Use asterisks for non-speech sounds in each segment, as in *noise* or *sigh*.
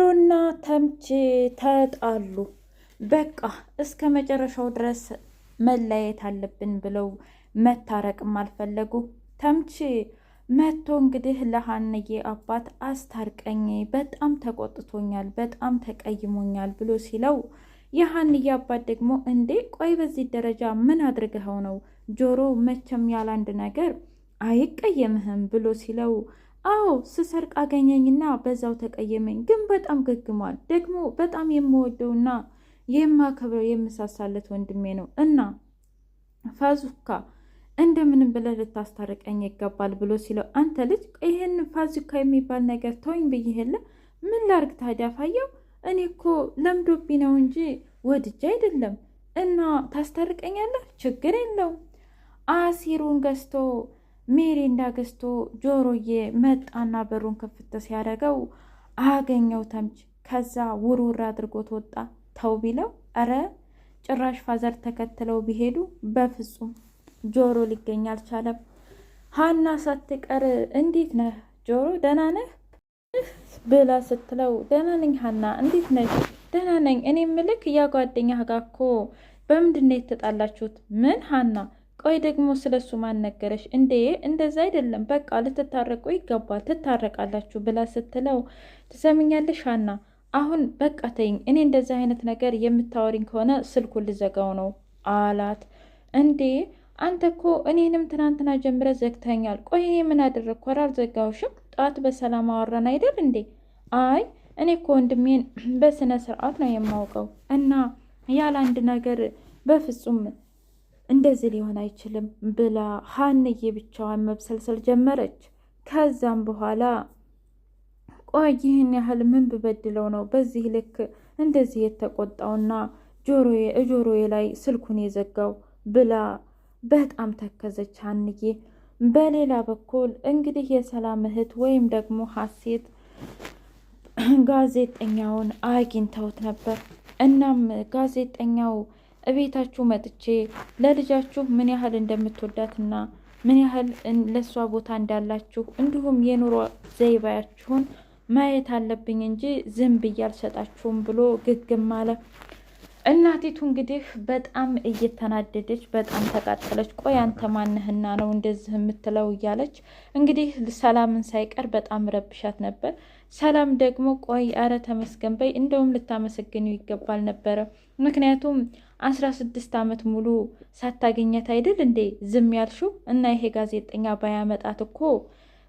ሩና ተምች ተጣሉ። በቃ እስከ መጨረሻው ድረስ መለያየት አለብን ብለው መታረቅም አልፈለጉ። ተምች መቶ እንግዲህ ለሀንዬ አባት አስታርቀኝ፣ በጣም ተቆጥቶኛል፣ በጣም ተቀይሞኛል ብሎ ሲለው የሀንዬ አባት ደግሞ እንዴ ቆይ በዚህ ደረጃ ምን አድርገኸው ነው? ጆሮ መቼም ያለ አንድ ነገር አይቀየምህም ብሎ ሲለው አዎ ስሰርቅ አገኘኝና በዛው ተቀየመኝ። ግን በጣም ገግሟል። ደግሞ በጣም የምወደውና የማከብረው የምሳሳለት ወንድሜ ነው እና ፋዙካ እንደምንም ብለህ ልታስታርቀኝ ይገባል ብሎ ሲለው አንተ ልጅ ይህን ፋዙካ የሚባል ነገር ተወኝ ብይህለ ምን ላርግ ታዲያ ፋየው እኔ እኮ ለምዶቢ ነው እንጂ ወድጄ አይደለም እና ታስታርቀኛለህ ችግር የለው አሲሩን ገዝቶ ሜሪንዳ ገዝቶ ጆሮዬ መጣና በሩን ክፍት ሲያደርገው አገኘው ተምች። ከዛ ውርውር አድርጎት ወጣ። ተው ቢለው ረ ጭራሽ ፋዘር ተከትለው ቢሄዱ በፍጹም ጆሮ ሊገኝ አልቻለም። ሀና ሳትቀር እንዴት ነህ ጆሮ ደህና ነህ ብላ ስትለው ደህና ነኝ ሀና እንዴት ነሽ? ደህና ነኝ። እኔ ምልክ ያ ጓደኛህ ጋር እኮ በምንድን ነው የተጣላችሁት? ምን ሀና ቆይ ደግሞ ስለሱ ማን ነገረሽ እንዴ? እንደዛ አይደለም በቃ ልትታረቁ ይገባል ትታረቃላችሁ ብላ ስትለው፣ ትሰምኛለሽ አና አሁን በቃ ተይኝ። እኔ እንደዚህ አይነት ነገር የምታወሪኝ ከሆነ ስልኩን ልዘጋው ነው አላት። እንዴ አንተ እኮ እኔንም ትናንትና ጀምረ ዘግተኛል። ቆይ እኔ ምን አደረግኩ? ኧረ አልዘጋውሽም። ጠዋት በሰላም አወራን አይደል እንዴ? አይ እኔ እኮ ወንድሜን በስነ ስርዓት ነው የማውቀው እና ያለ አንድ ነገር በፍጹም እንደዚህ ሊሆን አይችልም ብላ ሀንዬ ብቻዋን መብሰልሰል ጀመረች። ከዛም በኋላ ቆይ ይህን ያህል ምን ብበድለው ነው በዚህ ልክ እንደዚህ የተቆጣውና ጆሮዬ እጆሮዬ ላይ ስልኩን የዘጋው ብላ በጣም ተከዘች ሀንዬ። በሌላ በኩል እንግዲህ የሰላም እህት ወይም ደግሞ ሀሴት ጋዜጠኛውን አግኝተውት ነበር። እናም ጋዜጠኛው እቤታችሁ መጥቼ ለልጃችሁ ምን ያህል እንደምትወዳትና ምን ያህል ለእሷ ቦታ እንዳላችሁ እንዲሁም የኑሮ ዘይቤያችሁን ማየት አለብኝ እንጂ ዝም ብዬ አልሰጣችሁም ብሎ ግግም አለ። እናቲቱ እንግዲህ በጣም እየተናደደች በጣም ተቃጠለች። ቆይ አንተ ማነህና ነው እንደዚህ የምትለው እያለች እንግዲህ ሰላምን ሳይቀር በጣም ረብሻት ነበር። ሰላም ደግሞ ቆይ አረ ተመስገን በይ እንደውም ልታመሰግኑ ይገባል ነበረ ምክንያቱም አስራ ስድስት ዓመት ሙሉ ሳታገኘት አይደል እንዴ ዝም ያልሹ? እና ይሄ ጋዜጠኛ ባያመጣት እኮ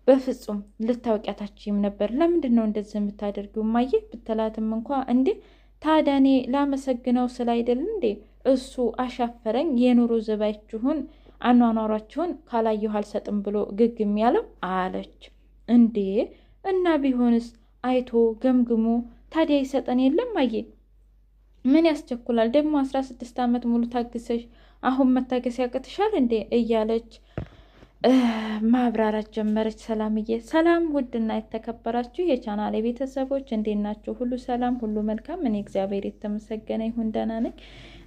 በፍጹም ልታውቂያታችም ነበር። ለምንድን ነው እንደዚህ የምታደርጊው ማየ ብትላትም እንኳ እንዴ ታዲያ እኔ ላመሰግነው ስለ አይደል እንዴ እሱ አሻፈረኝ፣ የኑሮ ዘባችሁን አኗኗሯችሁን ካላየሁ አልሰጥም ብሎ ግግም ያለው አለች። እንዴ እና ቢሆንስ አይቶ ገምግሞ ታዲያ ይሰጠን የለም አየ ምን ያስቸኩላል ደግሞ አስራ ስድስት ዓመት ሙሉ ታግሰሽ አሁን መታገስ ያቅትሻል እንዴ? እያለች ማብራራት ጀመረች ሰላምዬ። ሰላም ውድና የተከበራችሁ የቻናል ቤተሰቦች እንዴት ናችሁ? ሁሉ ሰላም፣ ሁሉ መልካም። እኔ እግዚአብሔር የተመሰገነ ይሁን ደህና ነኝ።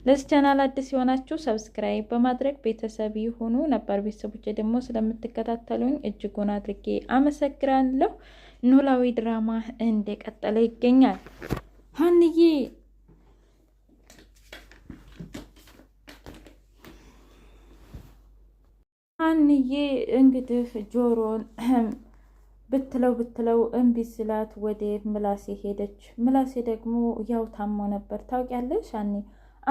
ለዚህ ቻናል አዲስ የሆናችሁ ሰብስክራይብ በማድረግ ቤተሰብ ይሁኑ። ነባር ቤተሰቦች ደግሞ ስለምትከታተሉኝ እጅጉን አድርጌ አመሰግናለሁ። ኖላዊ ድራማ እንደቀጠለ ይገኛል። ሀንዬ ሀንዬ እንግዲህ ጆሮን *clears throat* ብትለው ብትለው እምቢ ስላት ወደ ምላሴ ሄደች። ምላሴ ደግሞ ያው ታሞ ነበር ታውቂያለሽ አኔ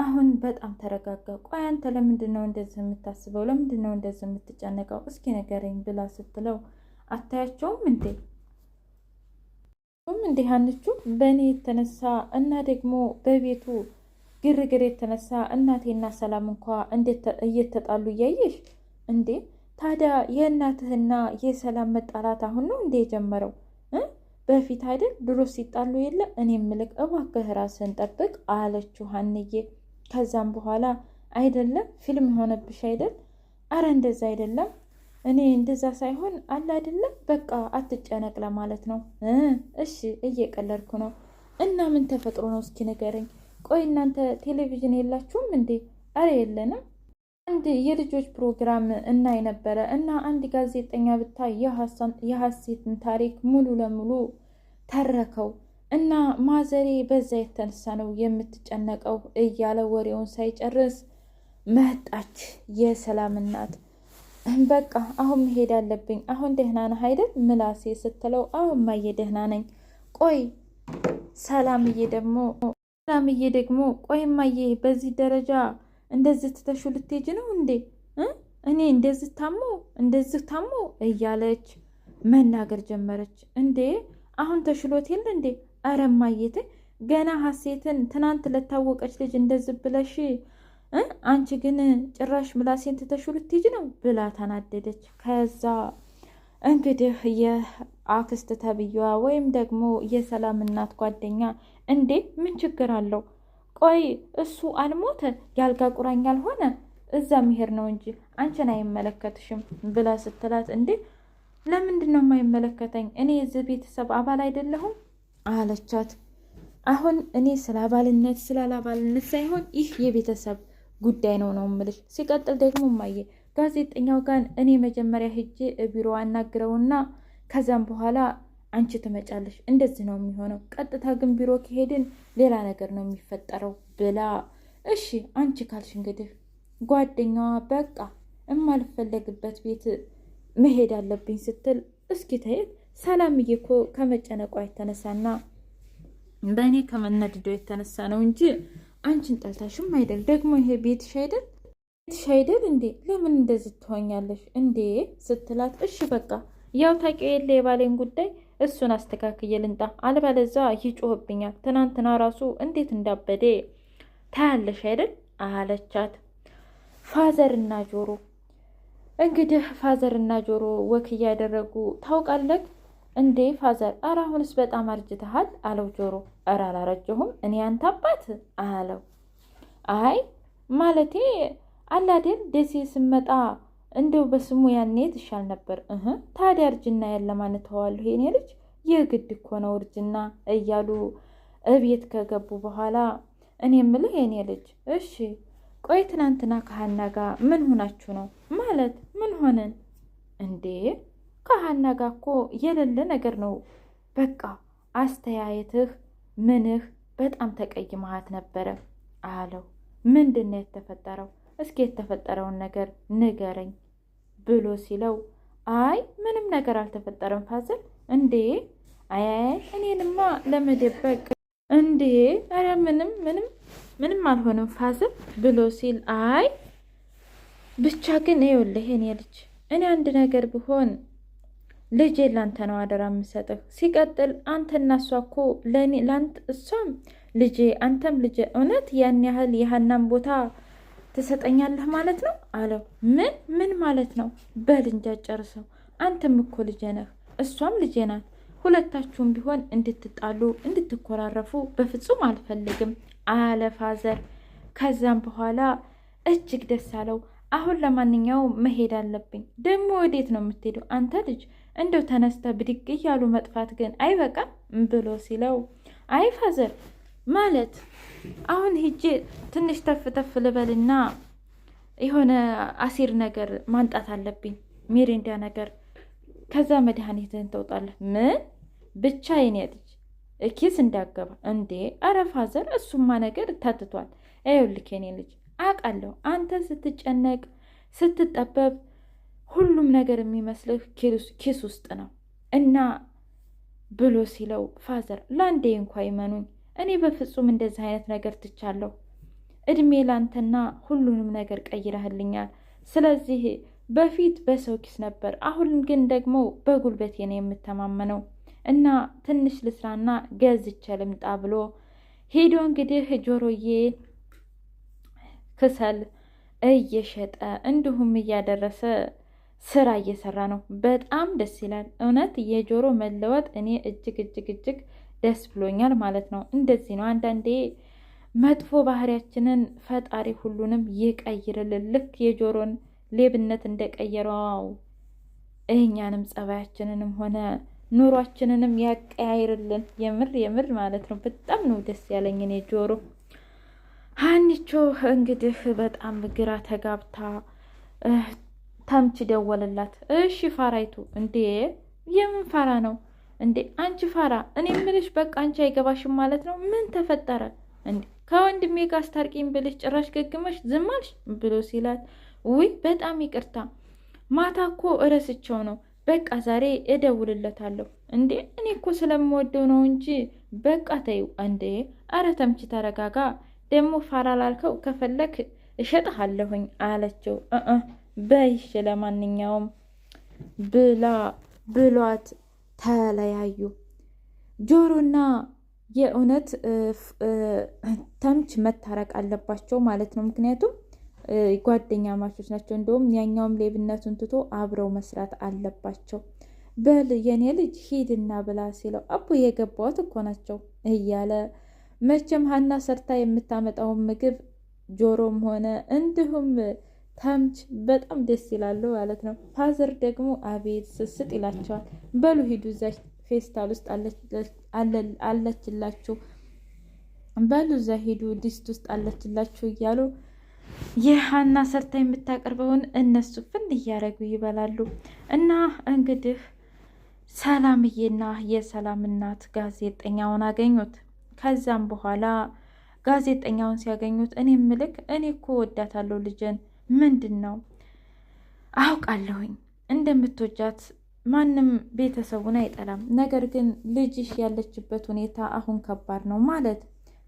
አሁን በጣም ተረጋጋ። ቆይ አንተ ለምንድን ነው እንደዚህ የምታስበው? ለምንድን ነው እንደዚህ የምትጨነቀው? እስኪ ንገረኝ ብላ ስትለው አታያቸውም እንዴ ም እንዲህ አንቹ በእኔ የተነሳ እና ደግሞ በቤቱ ግርግር የተነሳ እናቴና ሰላም እንኳ እንዴት እየተጣሉ እያየሽ እንዴ ታዲያ የእናትህና የሰላም መጣላት አሁን ነው እንዴ የጀመረው? በፊት አይደል ድሮ ሲጣሉ የለ እኔ ምልክ እባክህ ራስህን ጠብቅ አለችው ሀንዬ። ከዛም በኋላ አይደለም ፊልም የሆነብሽ አይደል? አረ እንደዛ አይደለም እኔ እንደዛ ሳይሆን አለ አይደለም በቃ አትጨነቅ ለማለት ነው። እሺ እየቀለድኩ ነው። እና ምን ተፈጥሮ ነው እስኪ ንገረኝ። ቆይ እናንተ ቴሌቪዥን የላችሁም እንዴ? አረ የለንም አንድ የልጆች ፕሮግራም እናይ ነበረ እና አንድ ጋዜጠኛ ብታይ የሀሴትን ታሪክ ሙሉ ለሙሉ ተረከው እና ማዘሬ በዛ የተነሳ ነው የምትጨነቀው እያለ ወሬውን ሳይጨርስ መጣች የሰላም እናት። በቃ አሁን መሄድ አለብኝ። አሁን ደህና ነህ አይደል ምላሴ ስትለው፣ አሁን ማየ ደህና ነኝ። ቆይ ሰላምዬ ደግሞ ሰላምዬ ደግሞ ቆይ ማየ በዚህ ደረጃ እንደዚህ ትተሹ ልትሄጂ ነው እንዴ? እኔ እንደዚህ ታሞ እንደዚህ ታሞ እያለች መናገር ጀመረች። እንዴ አሁን ተሽሎት የለ እንዴ? አረ እማዬ ገና ሀሴትን ትናንት ለታወቀች ልጅ እንደዚህ ብለሽ አንቺ ግን ጭራሽ ምላሴን ትተሹ ልትሄጂ ነው ብላ ተናደደች። ከዛ እንግዲህ የአክስት ተብዬዋ ወይም ደግሞ የሰላም እናት ጓደኛ እንዴ ምን ችግር አለው ቆይ እሱ አልሞተ ያልጋ ቁራኛ አልሆነ እዛ መሄድ ነው እንጂ አንቺን አይመለከትሽም ብላ ስትላት፣ እንዴ ለምንድን ነው የማይመለከተኝ? እኔ የዚህ ቤተሰብ አባል አይደለሁም አለቻት። አሁን እኔ ስለ አባልነት ስላላባልነት ሳይሆን ይህ የቤተሰብ ጉዳይ ነው ነው የምልሽ። ሲቀጥል ደግሞ ማየ ጋዜጠኛው ጋር እኔ መጀመሪያ ሄጄ ቢሮ አናግረውና ከዚያም በኋላ አንቺ ትመጫለሽ። እንደዚህ ነው የሚሆነው። ቀጥታ ግን ቢሮ ከሄድን ሌላ ነገር ነው የሚፈጠረው ብላ እሺ አንቺ ካልሽ እንግዲህ ጓደኛዋ በቃ የማልፈለግበት ቤት መሄድ አለብኝ ስትል እስኪ ተይት። ሰላምዬ እኮ ከመጨነቋ የተነሳና በእኔ ከመነድዶ የተነሳ ነው እንጂ አንቺን ጠልታሽም አይደል። ደግሞ ይሄ ቤትሽ አይደል ቤትሽ አይደል እንዴ? ለምን እንደዚህ ትሆኛለሽ እንዴ ስትላት እሺ በቃ ያው ታውቂው የለ የባሌን ጉዳይ እሱን አስተካክዬ ልንጣ፣ አለበለዛ ይጮህብኛል። ትናንትና ራሱ እንዴት እንዳበዴ ታያለሽ አይደል አለቻት። ፋዘርና ጆሮ እንግዲህ ፋዘርና ጆሮ ወክ እያደረጉ ታውቃለህ እንዴ ፋዘር፣ ኧረ አሁንስ በጣም አርጅተሃል አለው ጆሮ። ኧረ አላረጀሁም እኔ አንተ አባት አለው። አይ ማለቴ አላዴን ደሴ ስመጣ እንደው በስሙ ያኔ ትሻል ነበር እህ ታዲያ እርጅና ያለ ማለት ተዋለሁ የኔ ልጅ ይህ ግድ እኮ ነው እርጅና እያሉ እቤት ከገቡ በኋላ እኔ የምልህ የኔ ልጅ እሺ፣ ቆይ ትናንትና ከሀና ጋር ምን ሆናችሁ ነው? ማለት ምን ሆነን እንዴ? ከሀና ጋ እኮ የሌለ ነገር ነው። በቃ አስተያየትህ ምንህ በጣም ተቀይመሃት ነበረ አለው። ምንድን ነው የተፈጠረው? እስኪ የተፈጠረውን ነገር ንገረኝ ብሎ ሲለው አይ ምንም ነገር አልተፈጠረም ፋዝል እንዴ አያይ እኔንማ ለመደበቅ እንዴ! ኧረ ምንም ምንም ምንም አልሆነም ፋዝል ብሎ ሲል አይ ብቻ ግን ይኸውልህ እኔ ልጅ እኔ አንድ ነገር ብሆን ልጄ ላንተ ነው አደራ የምሰጥህ። ሲቀጥል አንተና እሷ እኮ ለእኔ ላንተ እሷም ልጄ አንተም ልጄ እውነት ያን ያህል የሀናም ቦታ ትሰጠኛለህ ማለት ነው አለው። ምን ምን ማለት ነው? በል እንጃ ጨርሰው። አንተም እኮ ልጄ ነህ፣ እሷም ልጄ ናት። ሁለታችሁም ቢሆን እንድትጣሉ እንድትኮራረፉ በፍጹም አልፈልግም አለ ፋዘር። ከዛም በኋላ እጅግ ደስ አለው። አሁን ለማንኛውም መሄድ አለብኝ። ደግሞ ወዴት ነው የምትሄደው አንተ ልጅ? እንደው ተነስተ ብድግ እያሉ መጥፋት ግን አይበቃም ብሎ ሲለው አይ ፋዘር ማለት አሁን ሂጄ ትንሽ ተፍ ተፍ ልበልና የሆነ አሲር ነገር ማንጣት አለብኝ፣ ሚሪንዳ ነገር። ከዛ መድኃኒትህን ተውጣለህ። ምን ብቻ የኔ ልጅ እንዳገባ እንዴ? አረ ፋዘር፣ እሱማ ነገር ታትቷል። ይኸውልህ የኔ ልጅ አውቃለሁ፣ አንተ ስትጨነቅ ስትጠበብ ሁሉም ነገር የሚመስልህ ኪስ ውስጥ ነው እና ብሎ ሲለው ፋዘር ለአንዴ እንኳ ይመኑኝ እኔ በፍጹም እንደዚህ አይነት ነገር ትቻለሁ። እድሜ ላንተና ሁሉንም ነገር ቀይረህልኛል። ስለዚህ በፊት በሰው ኪስ ነበር፣ አሁን ግን ደግሞ በጉልበቴ ነው የምተማመነው እና ትንሽ ልስራና ገዝቼ ልምጣ ብሎ ሄዶ እንግዲህ ጆሮዬ ክሰል እየሸጠ እንዲሁም እያደረሰ ስራ እየሰራ ነው። በጣም ደስ ይላል። እውነት የጆሮ መለወጥ እኔ እጅግ እጅግ እጅግ ደስ ብሎኛል ማለት ነው። እንደዚህ ነው አንዳንዴ መጥፎ ባህሪያችንን ፈጣሪ ሁሉንም ይቀይርልን። ልክ የጆሮን ሌብነት እንደቀየረው እኛንም ጸባያችንንም ሆነ ኑሯችንንም ያቀያይርልን። የምር የምር ማለት ነው። በጣም ነው ደስ ያለኝ እኔ ጆሮ። ሀኒቾ እንግዲህ በጣም ግራ ተጋብታ ተምች ደወለላት። እሺ ፋራይቱ እንዴ የምን ፋራ ነው እንዴ አንቺ ፋራ፣ እኔ ምልሽ በቃ አንቺ አይገባሽም ማለት ነው። ምን ተፈጠረ እንዴ? ከወንድሜ ጋር አስታርቂኝ ብልሽ ጭራሽ ገግመሽ ዝም አልሽ ብሎ ሲላት፣ ውይ በጣም ይቅርታ ማታ እኮ እረስቸው ነው። በቃ ዛሬ እደውልለታለሁ። እንዴ እኔ እኮ ስለምወደው ነው እንጂ በቃ ተይው። እንዴ አረ ተምች ተረጋጋ። ደግሞ ፋራ ላልከው ከፈለክ እሸጥሃለሁኝ አለችው። በይሽ ለማንኛውም ብላ ብሏት ተለያዩ። ጆሮና የእውነት ተምች መታረቅ አለባቸው ማለት ነው። ምክንያቱም ጓደኛ ማቾች ናቸው። እንደውም ያኛውም ሌብነቱን ትቶ አብረው መስራት አለባቸው። በል የኔ ልጅ ሂድና ብላ ሲለው አቦ የገባሁት እኮ ናቸው እያለ መቼም ሀና ሰርታ የምታመጣውን ምግብ ጆሮም ሆነ እንዲሁም ተምች በጣም ደስ ይላሉ ማለት ነው። ፋዘር ደግሞ አቤት ስስጥ ይላቸዋል። በሉ ሂዱ እዛች ፌስታል ውስጥ አለችላችሁ፣ በሉ እዛ ሂዱ ድስት ውስጥ አለችላችሁ እያሉ የሀና ሰርታ የምታቀርበውን እነሱ ፍን እያደረጉ ይበላሉ። እና እንግዲህ ሰላምዬና የሰላም እናት ጋዜጠኛውን አገኙት። ከዛም በኋላ ጋዜጠኛውን ሲያገኙት እኔ ምልክ እኔ እኮ ወዳታለሁ ልጅን ምንድን ነው አውቃለሁኝ እንደምትወጃት ማንም ቤተሰቡን አይጠላም። ነገር ግን ልጅሽ ያለችበት ሁኔታ አሁን ከባድ ነው ማለት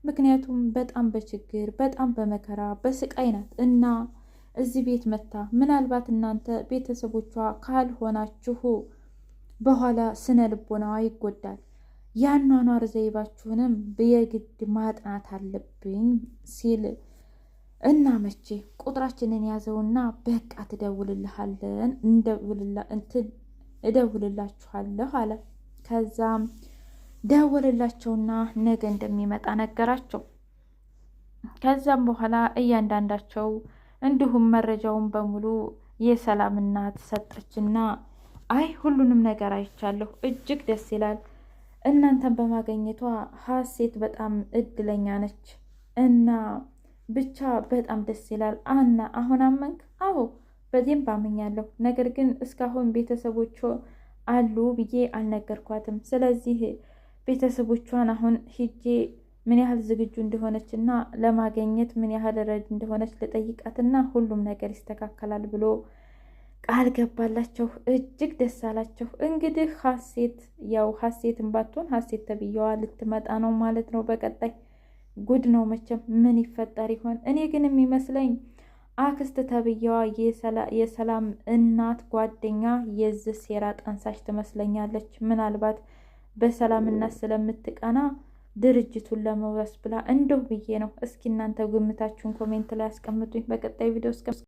ምክንያቱም በጣም በችግር በጣም በመከራ በስቃይ ናት እና እዚህ ቤት መታ ምናልባት እናንተ ቤተሰቦቿ ካልሆናችሁ በኋላ ስነ ልቦናዋ ይጎዳል። ያኗኗር ዘይባችሁንም በየግድ ማጥናት አለብኝ ሲል እና መቼ ቁጥራችንን ያዘውና በቃ ትደውልልሃለን እደውልላችኋለሁ አለ። ከዛም ደውልላቸውና ነገ እንደሚመጣ ነገራቸው። ከዛም በኋላ እያንዳንዳቸው እንዲሁም መረጃውን በሙሉ የሰላም እናት ሰጠችና አይ ሁሉንም ነገር አይቻለሁ፣ እጅግ ደስ ይላል። እናንተን በማገኘቷ ሀሴት በጣም እድለኛ ነች እና ብቻ በጣም ደስ ይላል። አና አሁን አመንክ? አዎ በዚህም ባመኛለሁ። ነገር ግን እስካሁን ቤተሰቦቹ አሉ ብዬ አልነገርኳትም። ስለዚህ ቤተሰቦቿን አሁን ሂጄ ምን ያህል ዝግጁ እንደሆነች እና ለማገኘት ምን ያህል ረድ እንደሆነች ልጠይቃትና ሁሉም ነገር ይስተካከላል ብሎ ቃል ገባላቸው። እጅግ ደስ አላቸው። እንግዲህ ሀሴት ያው ሀሴትን ባትሆን ሀሴት ተብዬዋ ልትመጣ ነው ማለት ነው በቀጣይ ጉድ ነው መቼም። ምን ይፈጠር ይሆን? እኔ ግን የሚመስለኝ አክስት ተብዬዋ የሰላም እናት ጓደኛ የዚህ ሴራ ጠንሳሽ ትመስለኛለች። ምናልባት በሰላም ስለምትቀና ድርጅቱን ለመውረስ ብላ እንደው ብዬ ነው። እስኪ እናንተ ግምታችሁን ኮሜንት ላይ አስቀምጡኝ። በቀጣይ ቪዲዮ